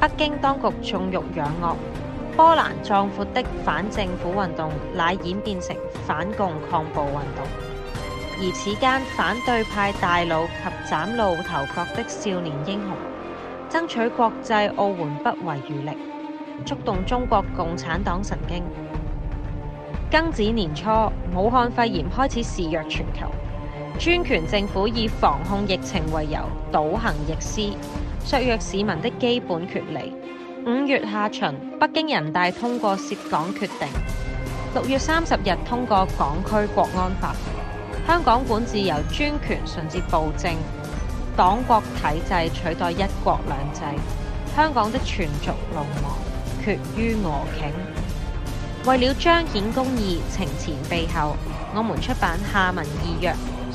北京當局縱欲養惡，波瀾壯闊的反政府運動乃演變成反共抗暴運動，而此間反對派大佬及嶄露頭角的少年英雄，爭取國際奧援不遺餘力，觸動中國共產黨神經。庚子年初，武漢肺炎開始肆虐全球。專權政府以防控疫情為由，倒行逆施，削弱市民的基本權利。五月下旬，北京人大通過涉港決定；六月三十日通過港區國安法。香港管治由專權甚至暴政黨國體制取代一國兩制，香港的全族龍亡，決於俄頃。為了彰顯公義，懲前毖後，我們出版下文，意約。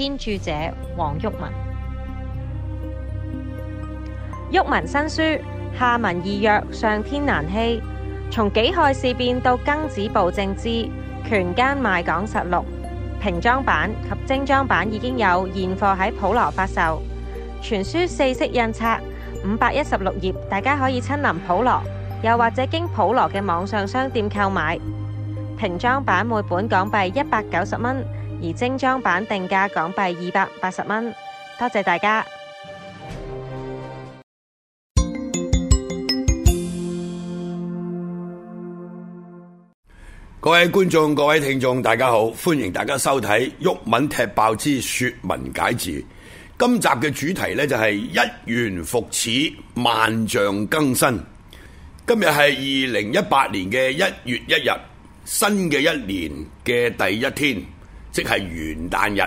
編著者黃毓民，毓民新書《下民易虐上天難欺》，從己亥事變到庚子暴政之權奸賣港實錄，平裝版及精裝版已經有現貨喺普羅發售。全書四色印刷，五百一十六頁，大家可以親臨普羅，又或者經普羅嘅網上商店購買。平裝版每本港幣一百九十蚊。而精裝版定價港幣二百八十蚊。多謝大家，各位觀眾、各位聽眾，大家好，歡迎大家收睇《毓民踢爆之說文解字》。今集嘅主題呢、就是，就係一元復始，萬象更新。今日係二零一八年嘅一月一日，新嘅一年嘅第一天。即係元旦日，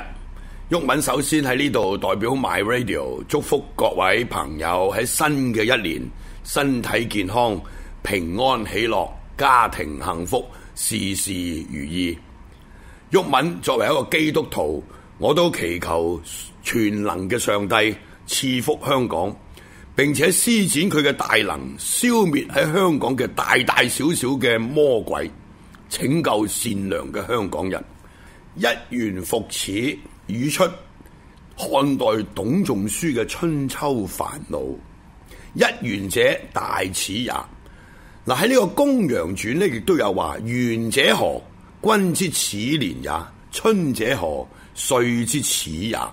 毓民首先喺呢度代表 My Radio 祝福各位朋友喺新嘅一年身體健康、平安喜樂、家庭幸福、事事如意。毓民作為一個基督徒，我都祈求全能嘅上帝賜福香港，並且施展佢嘅大能，消滅喺香港嘅大大小小嘅魔鬼，拯救善良嘅香港人。一元復始，語出漢代董仲舒嘅《春秋繁露》。一元者大始也。嗱喺呢個《公羊傳》咧，亦都有話：元者何？君之始年也；春者何？歲之始也。嗱、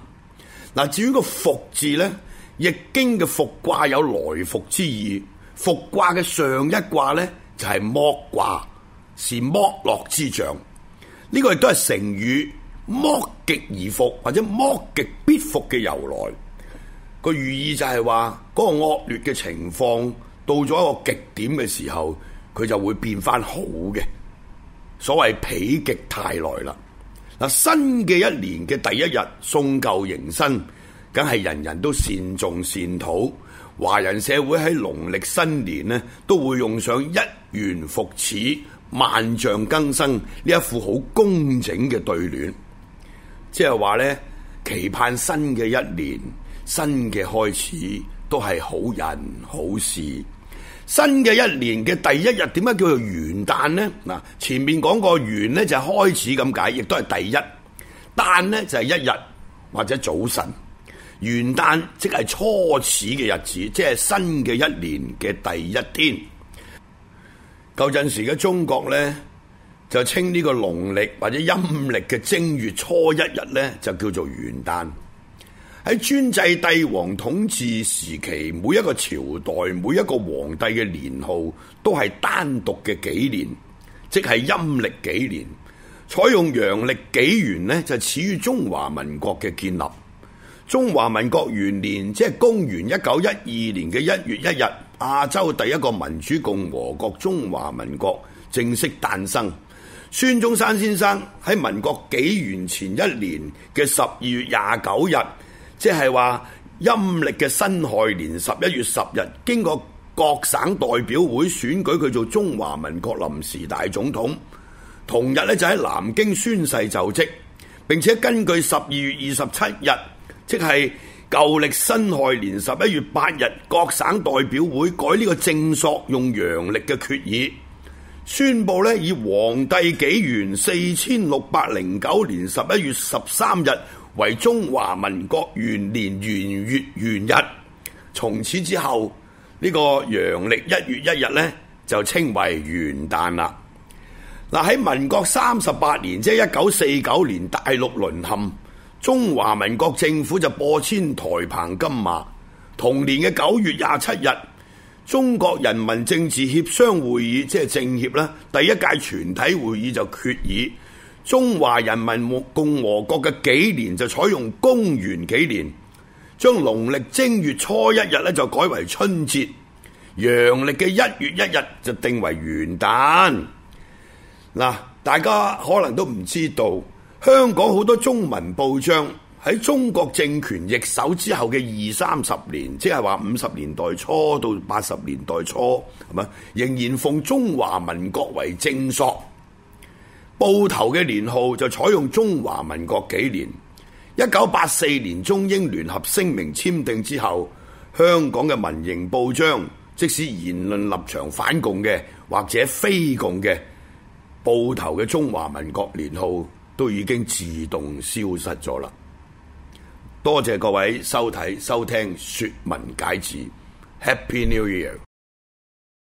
那個，至於個復字咧，《易經》嘅復卦有來復之意。復卦嘅上一卦咧就係剝卦，是剝落之象。呢個亦都係成語“剝極而復”或者“剝極必復”嘅由來，個寓意就係話嗰個惡劣嘅情況到咗一個極點嘅時候，佢就會變返好嘅，所謂否極泰來啦。嗱，新嘅一年嘅第一日，送舊迎新，梗係人人都善種善土。華人社會喺農曆新年咧，都會用上一元復始。萬象更生，呢一副好工整嘅對聯，即係話咧，期盼新嘅一年，新嘅開始都係好人好事。新嘅一年嘅第一日，點解叫做元旦呢？嗱，前面講過元呢就係開始咁解，亦都係第一。旦呢就係一日或者早晨。元旦即係初始嘅日子，即係新嘅一年嘅第一天。舊陣時嘅中國咧，就稱呢個農曆或者陰曆嘅正月初一日咧，就叫做元旦。喺專制帝王統治時期，每一個朝代、每一個皇帝嘅年號都係單獨嘅紀年，即係陰曆紀年。採用陽曆紀元咧，就始於中華民國嘅建立。中華民國元年，即係公元一九一二年嘅一月一日。亞洲第一個民主共和國中華民國正式誕生。孫中山先生喺民國紀元前一年嘅十二月廿九日，即係話陰歷嘅辛亥年十一月十日，經過各省代表會選舉佢做中華民國臨時大總統。同日呢，就喺南京宣誓就職。並且根據十二月二十七日，即係舊曆辛亥年十一月八日，各省代表會改呢個正朔用陽曆嘅決議，宣布呢，以皇帝紀元四千六百零九年十一月十三日為中華民國元年元月元日，從此之後呢個陽曆一月一日呢，就稱為元旦啦。嗱，喺民國三十八年，即係一九四九年，大陸淪陷。中華民國政府就播遷台澎金馬。同年嘅九月廿七日，中國人民政治協商會議，即係政協啦，第一屆全體會議就決議中華人民共和國嘅紀年就採用公元紀年，將農曆正月初一日咧就改為春節，陽曆嘅一月一日就定為元旦。嗱，大家可能都唔知道。香港好多中文報章喺中國政權易手之後嘅二三十年，即係話五十年代初到八十年代初，係嘛，仍然奉中華民國為正朔，報頭嘅年號就採用中華民國幾年。一九八四年中英聯合聲明簽訂之後，香港嘅民營報章，即使言論立場反共嘅或者非共嘅，報頭嘅中華民國年號。都已經自動消失咗啦！多謝各位收睇收聽《說文解字》，Happy New Year！